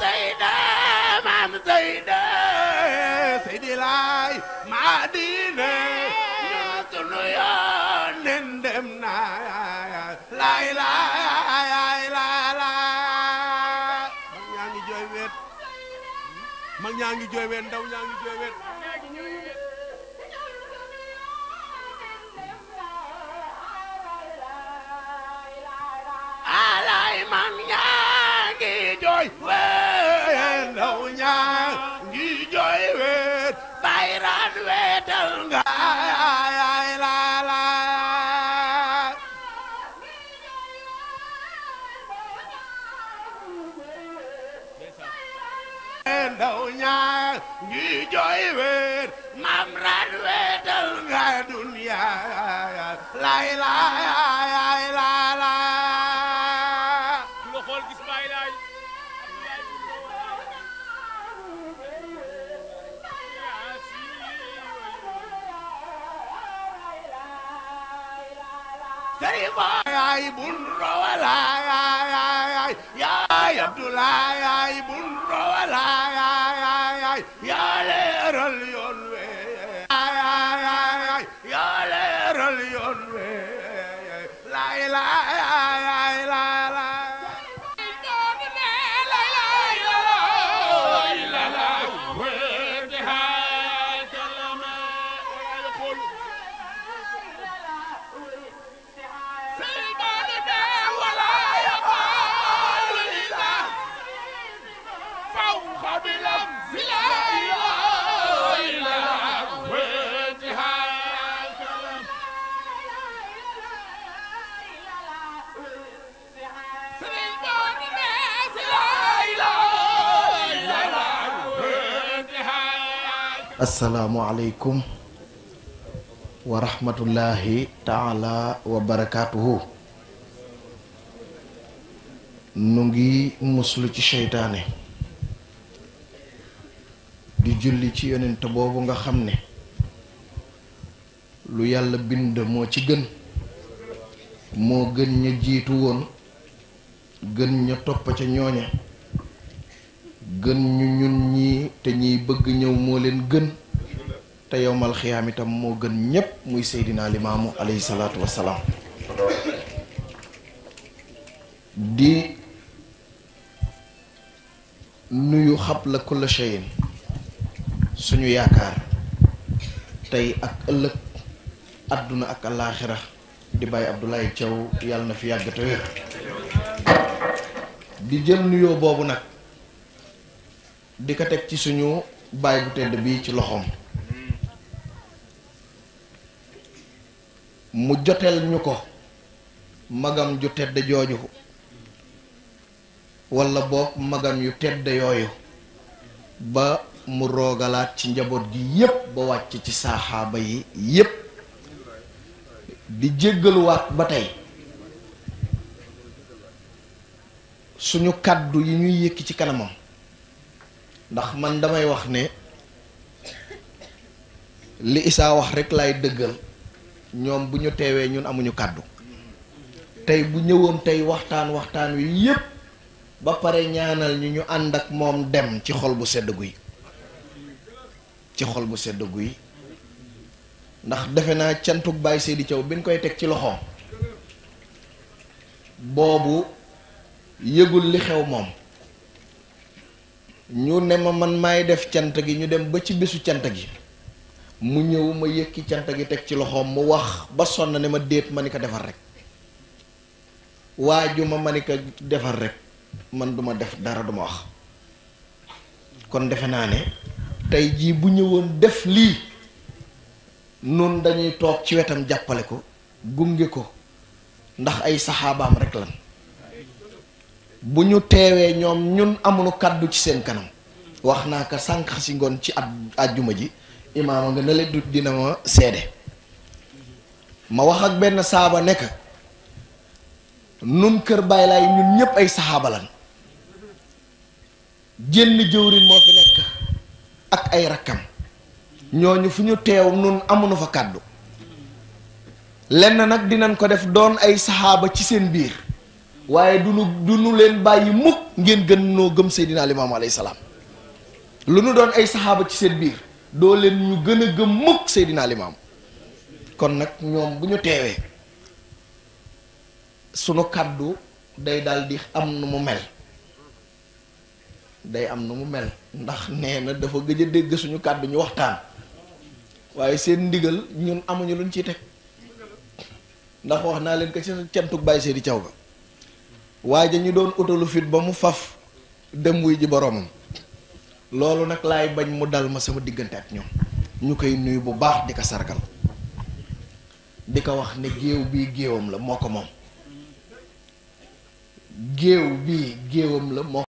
Seyda maam Seyda Seydi Laay maa diine ñoo sunu yoon nen dem naa laay laay laay laay mag ñaa ngi jooy weet mag ñaa ngi jooy weet ndaw ñaa ngi jooy weet alaay mag ñaa ngi jooy weet ndaw ñaar ñuy jooy wéer maam ran weetal nga dunya lay lay lay ay bun rawala ay ay ay Abdoulaay ay bundo walaay ay ay ay yaa leeral yoon we ay ay ay yaa leeral yoon we laay laay asalaamualeykum wa rahmatullahi taala wa barakaatuhu nu ngi muslu ci seytaane di julli ci yonent boobu nga xam ne lu yàlla bind moo ci gën moo gën ña jiitu woon gën ña topp ca ñooña gën ñu ñun ñii te ñiy bëgg ñëw moo leen gën te yowmal xiyaam itam moo gën ñépp muy seydinaa limaamu alayhi salaatu wassalaam di nuyu xab la kulla shayin suñu yaakaar tey ak ëllëg àdduna ak alaaxira di bàyyi Abdoulaye Thiaw yàlla na fi yàgg te wér di jël nuyoo boobu nag di ko teg ci suñu baay bu tedd bii ci loxoom mu joteel ñu ko magam ju tedd jooju walla boog magam yu tedd yooyu ba mu roogalaat ci njaboot gi yépp ba wàcc ci saaxaaba yi yépp di jéggaluwaat ba tey suñu kàddu yi ñuy yëkki ci kanamam ndax man damay wax ne li Isaa wax rek lay dëggal ñoom bu ñu teewee ñun amuñu kàddu tey bu ñëwoon tey waxtaan waxtaan wi yépp ba pare ñaanal ñu ñu ànd ak moom dem ci xol bu sedd guy ci xol bu sedd guy ndax defe naa cantuk Baye Seydi Thiaw bi ñu koy teg ci loxoom boobu yëgul li xew moom ñu ne ma man maay def cant gi ñu dem ba ci bésu cant gi mu ñëw ma yëkki cant gi teg ci loxoom mu wax ba sonn ne ma déet ma ko defar rek waaju ma ma ni defar rek man duma def dara duma wax kon defe naa ne tey jii bu ñëwoon def lii nun dañuy toog ci wetam jàppale ko gunge ko ndax ay saxaabaam rek lan bu ñu teewee ñoom ñun amuñu kàddu ci seen kanam wax naa ko sànq si ngoon ci at àjjuma ji imaama nga ne la du dina ma seede ma wax ak benn saaba nekk nun kër Baay Laay ñun ñépp ay saxaaba lan jenn jëwriñ moo fi nekk ak ay rakkam ñooñu fu ñu teew nun amuñu fa kàddu lenn nag dinañ ko def doon ay saxaaba ci seen biir waaye du nu du nu leen bàyyi mukk ngeen gën noo gëm Seydina Limaamu alayhi salaam lu nu doon ay saxaaba ci seen biir doo leen ñu gën a gëm mukk Seydina Limaam kon nag ñoom bu ñu teewee sunu kàddu day daldi am nu mu mel day am nu mu mel ndax nee na dafa gëj a dégg suñu kàddu ñu waxtaan waaye seen ndigal ñun amuñu luñ ci teg ndax wax naa leen ko ci cantuk bàyyi seedi caw ba waaye ñu doon utalu fit ba mu faf dem wuy ji boroomam loolu nag lay bañ mu dal ma sama diggante ak ñoom ñu koy nuyu bu baax di ko sargal di ko wax ne géew bii géewam la moo ko moom géew bii géewam la moo